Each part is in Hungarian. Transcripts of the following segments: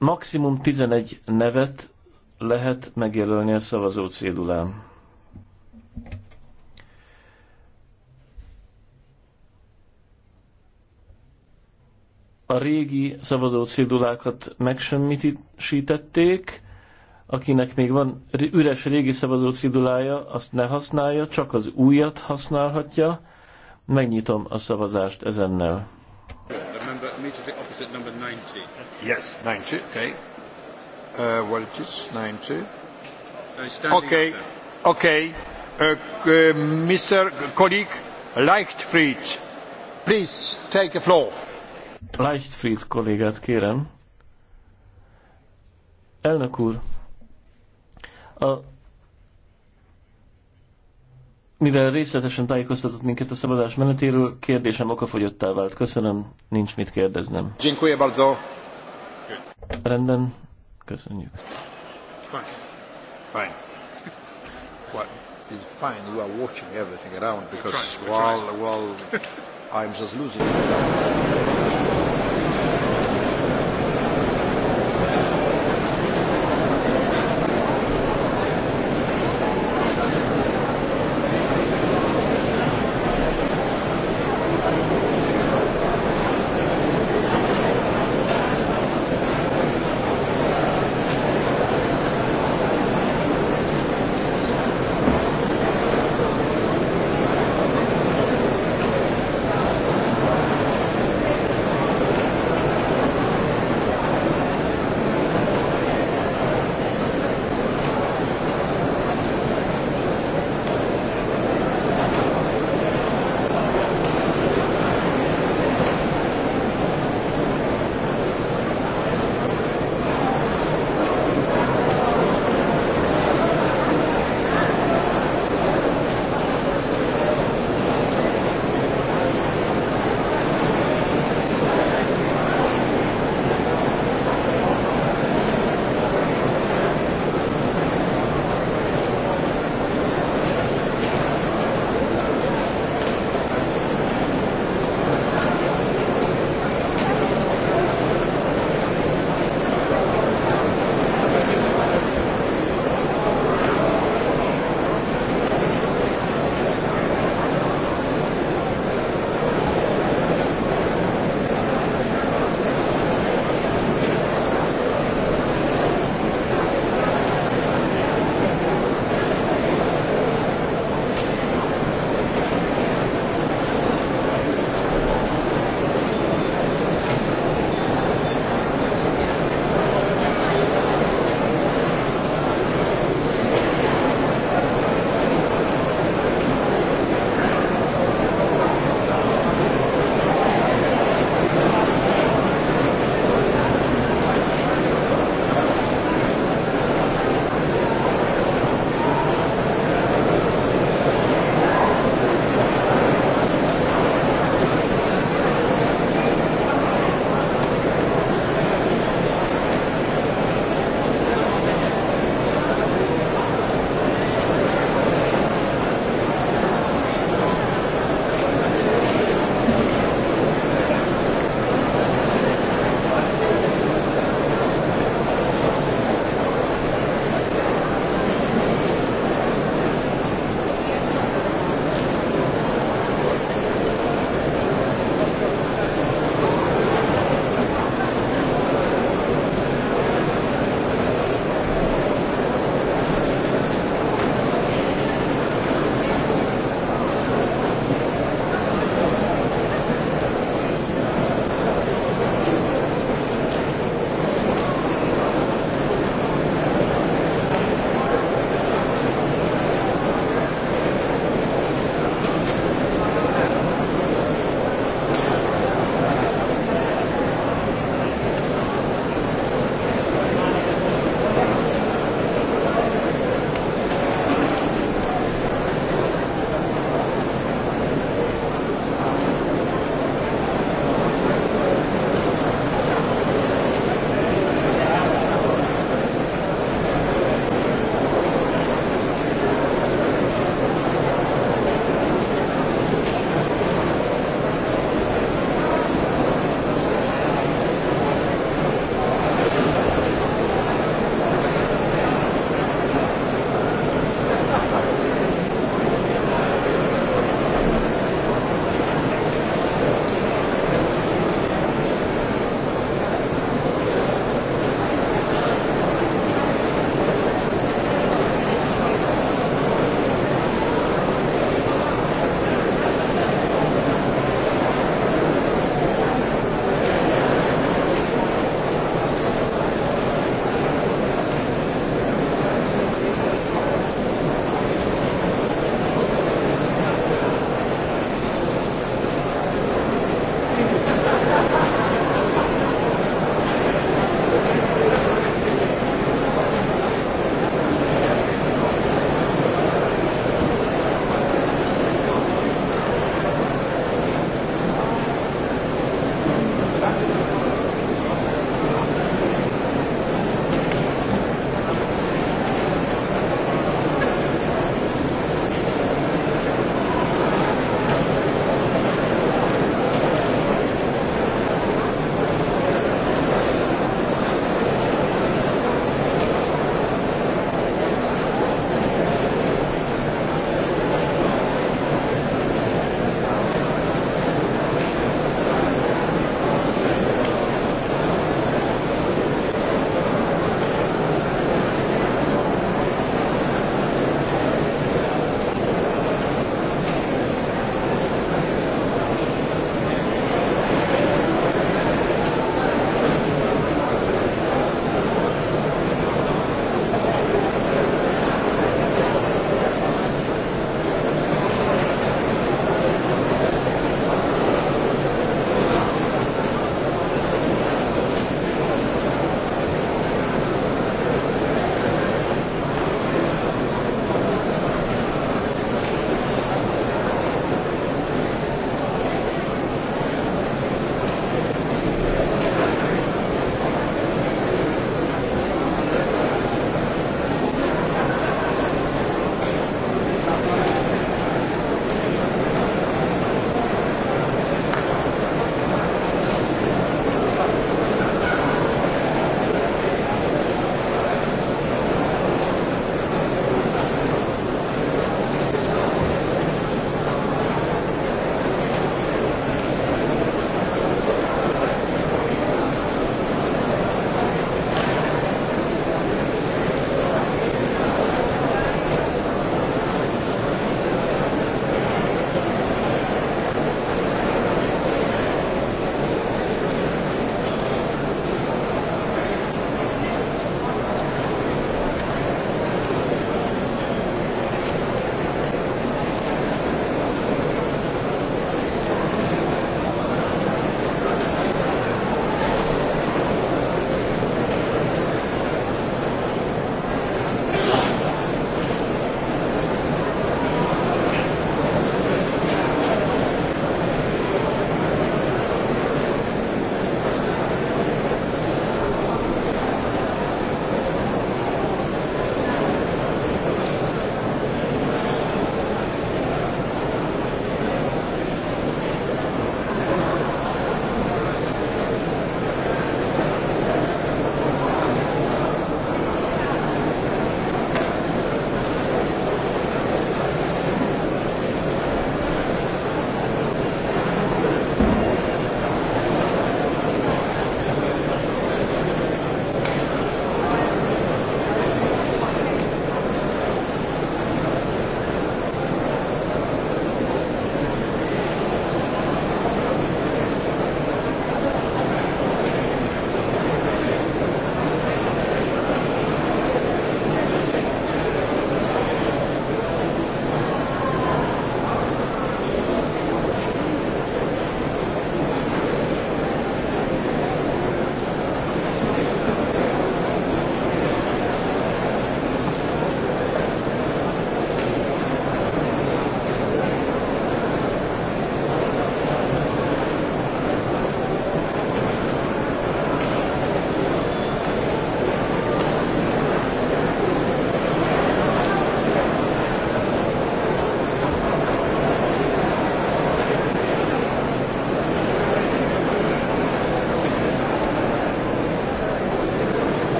maximum 11 nevet lehet megjelölni a szavazó cédulán. A régi szavazó cédulákat megsemmisítették, akinek még van üres régi szavazó cédulája, azt ne használja, csak az újat használhatja. Megnyitom a szavazást ezennel. Remember, is at number 90. Yes, 90, okay. Uh, what it is, 90. Uh, okay, okay. Uh, uh, Mr. Colleague Leichtfried, please take the floor. Leichtfried kollégát kérem. Elnök úr, a mivel részletesen tájékoztatott minket a szabadás menetéről, kérdésem okafogyottá vált. Köszönöm, nincs mit kérdeznem. Dziękuję bardzo. Rendben, köszönjük. Fine. Fine. What is fine, you are watching everything around because while, while I'm just losing.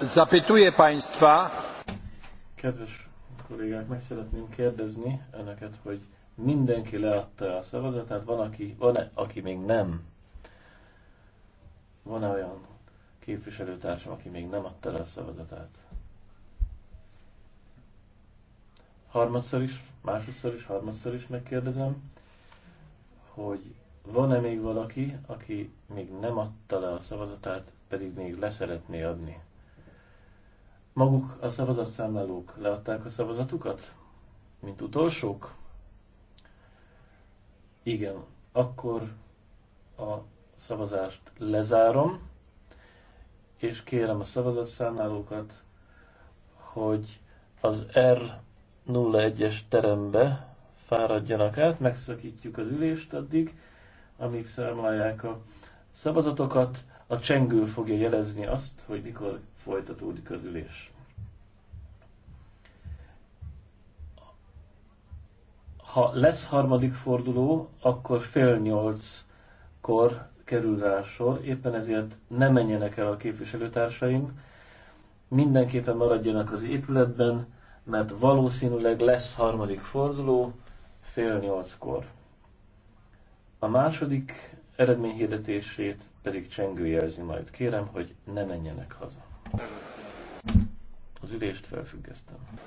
Zapytuję Państwa. Kedves kollégák, meg szeretném kérdezni Önöket, hogy mindenki leadta a szavazatát, van, aki, van -e, aki még nem? Van-e olyan képviselőtársam, aki még nem adta le a szavazatát? Harmadszor is, másodszor is, harmadszor is megkérdezem, hogy van-e még valaki, aki még nem adta le a szavazatát, pedig még leszeretné adni? Maguk a szavazatszámlálók leadták a szavazatukat? Mint utolsók? Igen, akkor a szavazást lezárom, és kérem a szavazatszámlálókat, hogy az R01-es terembe fáradjanak át, megszakítjuk az ülést addig, amíg számlálják a szavazatokat, a csengő fogja jelezni azt, hogy mikor folytatódik az ülés. Ha lesz harmadik forduló, akkor fél nyolckor kerül rá sor, éppen ezért ne menjenek el a képviselőtársaim, mindenképpen maradjanak az épületben, mert valószínűleg lesz harmadik forduló fél nyolckor. A második eredményhirdetését pedig Csengő jelzi majd. Kérem, hogy ne menjenek haza. Az ülést felfüggesztem.